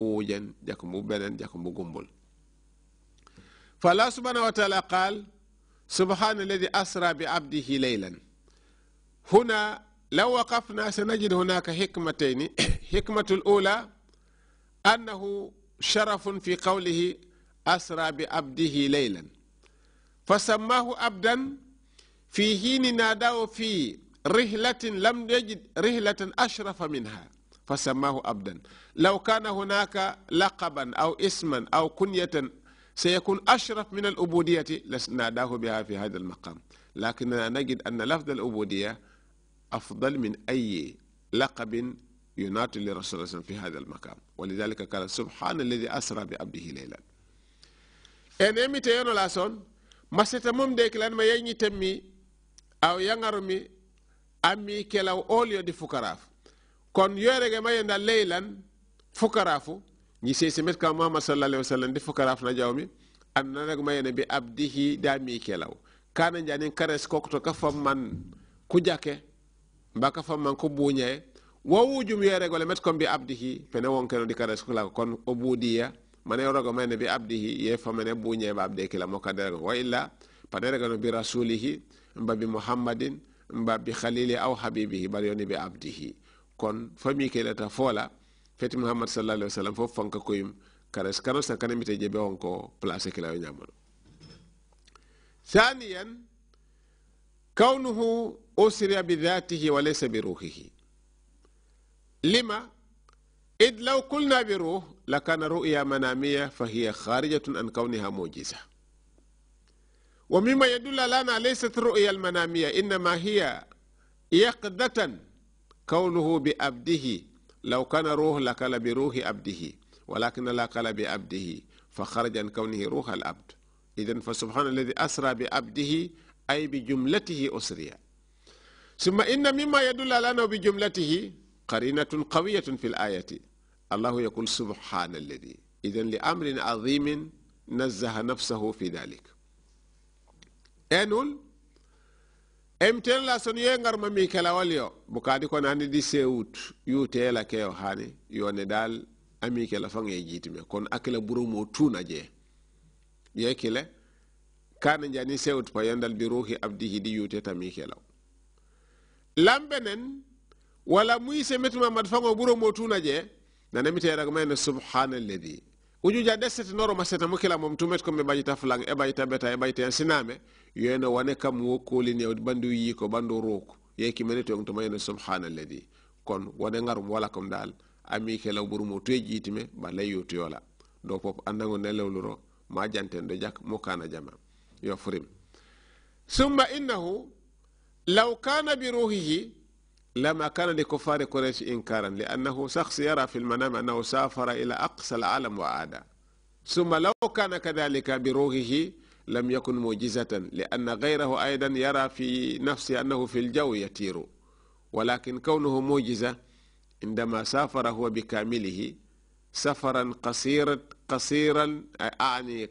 bu jen jakk bu beneen jakk bu gumbul fa allah subhanahu wa taala qaal هنا لو وقفنا سنجد هناك حكمتين حكمة الأولى أنه شرف في قوله أسرى بعبده ليلا فسماه عبدا في حين ناداه في رحلة لم يجد رحلة أشرف منها فسماه عبدا لو كان هناك لقبا أو اسما أو كنية سيكون أشرف من الأبودية لناداه بها في هذا المقام لكننا نجد أن لفظ الأبودية أفضل من أي لقب يناط لرسول الله صلى الله عليه وسلم في هذا المقام ولذلك قال سبحان الذي أسرى بعبده ليلا إن emite yeno لاسون ما masita ديك لان ما ma تمي أو ينغرمي أمي كلاو أوليو دي فكراف kon yoorege mayenda leylan fukarafu ñi sesimet ka muhammad sallah alih wa sallam ndi fukaraf na jawmi annanag mayene bi abdihi da mikelaw kana janin kares kokto ka famman ku jake mbaka famman ko buñaye wo wujum yoregole met kon bi abdihi pene wonkeno ndi kares kulako kon o buudiya mane rogo mayene bi abdihi ye famene buñaye ba abde kila mo kaderego wa illa panerego bi rasulihi mba bi muhammadin mba bi khalili aw habibihi bar kon fami ke leta fola feti muhammad sallallahu alaihi wasallam fof fanka koyim kare skaro sa kana mite jebe on ko place kila yo nyamalo ثانيا كونه أسري بذاته وليس بروحه لما إذ لو قلنا بروح لكان رؤيا منامية فهي خارجة عن كونها معجزة ومما يدل لنا ليست رؤيا المنامية إنما هي يقظة كونه بأبده لو كان روح لكل بروح أبده ولكن لا قال بأبده فخرج عن كونه روح الأبد إذا فسبحان الذي أسرى بأبده أي بجملته أسريا ثم إن مما يدل على أنه بجملته قرينة قوية في الآية الله يقول سبحان الذي إذا لأمر عظيم نزه نفسه في ذلك أنول emten la son ye ngarma mi kelawol yo bukadi kono hani di sewut yutela keyo hani yone dal ami kela faŋ ye kon akela buru mo tuna je ye kile kana jani sewut pa yandal bi ruhi abdihi di ta mi kelaw lambenen wala muy semetuma mad buru mo tuna je nanemiteraga mayne subhanalladi ujuja desete noro maseta mukila mom tumet ko me bajita flang e bajita beta e bajita siname yene wane kam wo kolini bandu yi ko bandu roko ki menete on to mayene subhanalladhi kon wane mo wala kam dal ami ke law burumo to jitime ba layo yola do pop andango ne ro ma janten do jak mo kana jama yo furim summa innahu law kana bi ruhihi لما كان لكفار قريش إنكارا لأنه شخص يرى في المنام أنه سافر إلى أقصى العالم وعاد ثم لو كان كذلك بروحه لم يكن معجزة لأن غيره أيضا يرى في نفسه أنه في الجو يطير ولكن كونه معجزة عندما سافر هو بكامله سفرا قصيرا قصيرا أعني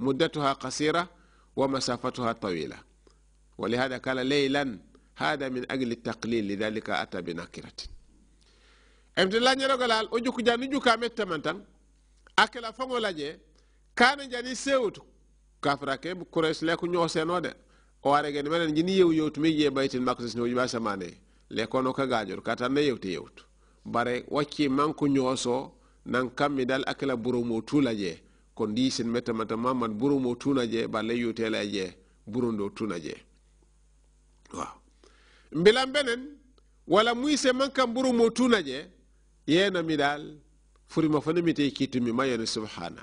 مدتها قصيرة ومسافتها طويلة ولهذا قال ليلا hada min agli taqlil lidhalika ata binakiratin emte lañerogo laal o jukku jani jukkame tan akela fango laje kana jani sewtu kafrake kures leku ñooseno de o aregene menen jini yew yewtu mi je baytin makdis no jiba samane le kono ka gajor kata ne yewtu yewtu bare wacci manko ñooso nan kammi dal akela buromo tulaje kon di sin mettamanta mamman buromo tunaje balle yutelaje burundo tunaje waaw mbilan benen wala muise man kam buru mo tuna je yena midal furima te mite mi mayone subhana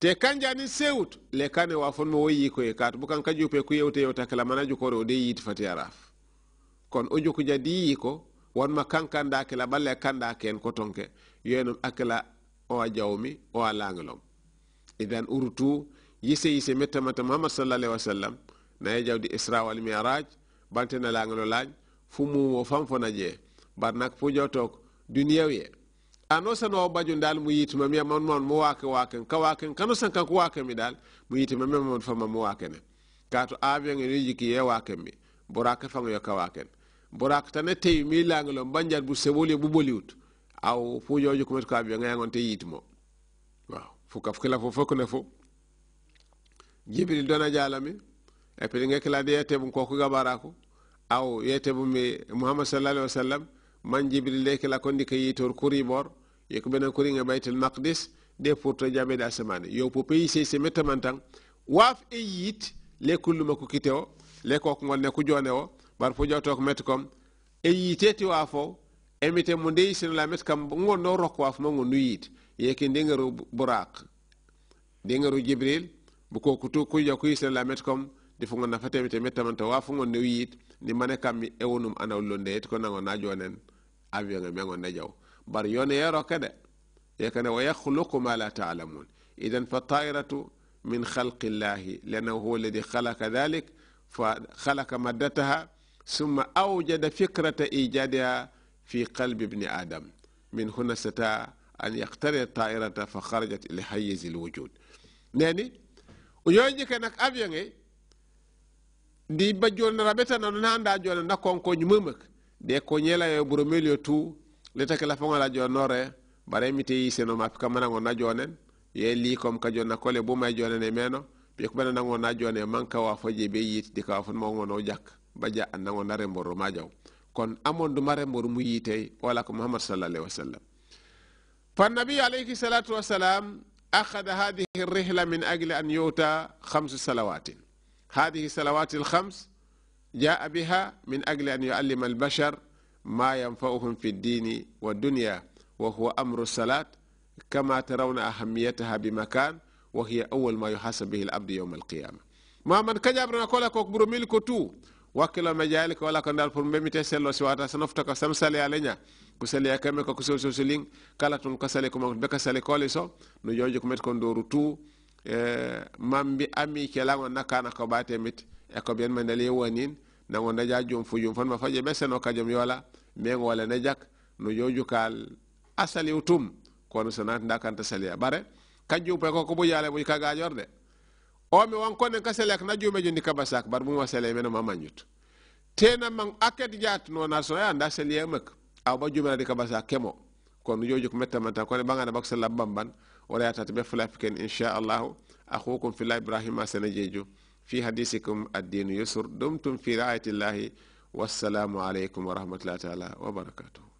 te kanjani sewut le kane wa fon mo wayi ko e kat bukan ka jupe ku yewte yewta kala mana jukoro de yit fati araf kon o juku jadi ko won ma kan da kala balle kanda ken ko tonke yenum akala o jawmi o langalom idan urtu yise yise mata muhammad sallallahu alaihi wasallam na jawdi isra wal mi'raj bantena langalo laaj fumu fam fona je barnak pujo tok duniyawiye ano san wa bajun dal mu yitima mi man man mu wake wake ka wake kanu mi dal mu yitima mi man fama mu wake avion ni jiki ye wake mi buraka yo ka wake buraka tane te mi langalo banjar bu aw pujo ju kumet ka avion ngon te yitimo waaw fukila fo fokne fo jibril dona jalami piriŋe kilandi ye tebum koku gabara ko aw ye tebum muhammad sallallahu wa sallam man jibril le kila kondi ke yitor kuri bor ye ko bena kuri baitul maqdis de pourto jabe da samane yo po pays se se metamantan waaf e yiit le kullu mako kite o le ko ko ngol ko jone o bar fo jawto ko met kom e yiteti wafo emite mo dey sin la met kam ngon no rok waaf mo ngon yiit yeki ke ndengaru buraq jibril bu ko kutu ku ya ku sin la met kom di fungo nafate mi teme tamanta wa fungo ne wiyit ni mane kam mi ewonum ana londe et ko nango na jonen avion ngi mengo na jaw bar yone yero kede yakana wa yakhluqu ma la ta'lamun idan fa ta'iratu min khalqi lana huwa alladhi khalaqa dhalik fa khalaqa maddataha thumma awjada fikrata ثم fi qalbi ibn adam min huna sata an yaqtari ta'irata fa kharajat الطائرة فخرجت alwujud حيز o yoyike nak avion أبيان ndi ba jolna rabeta na na anda jonde na e kon ko nyumak de ko nyela yo bromelio tu le tak la fonga la jonore bare mi te seno ma pika mana na jonen ye li kom ka jonna le bu may jonen ne meno be ko bana na jone man ka wa faje be yit di ka fon mo ngono jak ba baja an re mboro ma jaw kon amon du mare mboro mu yite wala ko muhammad sallallahu alaihi wasallam fa nabi alayhi salatu wasalam akhadha hadhihi ar-rihla min ajli an yuta khamsu salawatin هذه الصلوات الخمس جاء بها من أجل أن يعلم البشر ما ينفعهم في الدين والدنيا وهو أمر الصلاة كما ترون أهميتها بمكان وهي أول ما يحاسب به العبد يوم القيامة ما من نقول لك أكبر ملك تو وكل ما jayali ko wala ko dal pour memite sello si wata sanofta ko sam sale alenya ko sale yakame ko ko sol sol ling Eh, mambi ami kelaŋo na kana ko bate mit e ko ben mandali wonin nango ja jum fu jum ma faje be seno ka jom yola ngola ne jak no joju kal asaliw tum kono sonat nda ta salia bare ka jumpe ko bu yale ka ga jorde o mi won konen ka selek na jume jundi ka basak bar bu wasale men ma manjut tena man aket jat no na so ya nda selia mak aw ba jume na di ka basak kemo kono jojuk mettamanta kono ɓagana bakso labbam ban wala yatata ɓe fulafi ken inchallahu akhukum fillah ibrahima sene jeejo fi hadisikum addinu yusur dumtum fi riayatillahi wassalamu aleykum wa rahmatullahi taala wa barakatuhu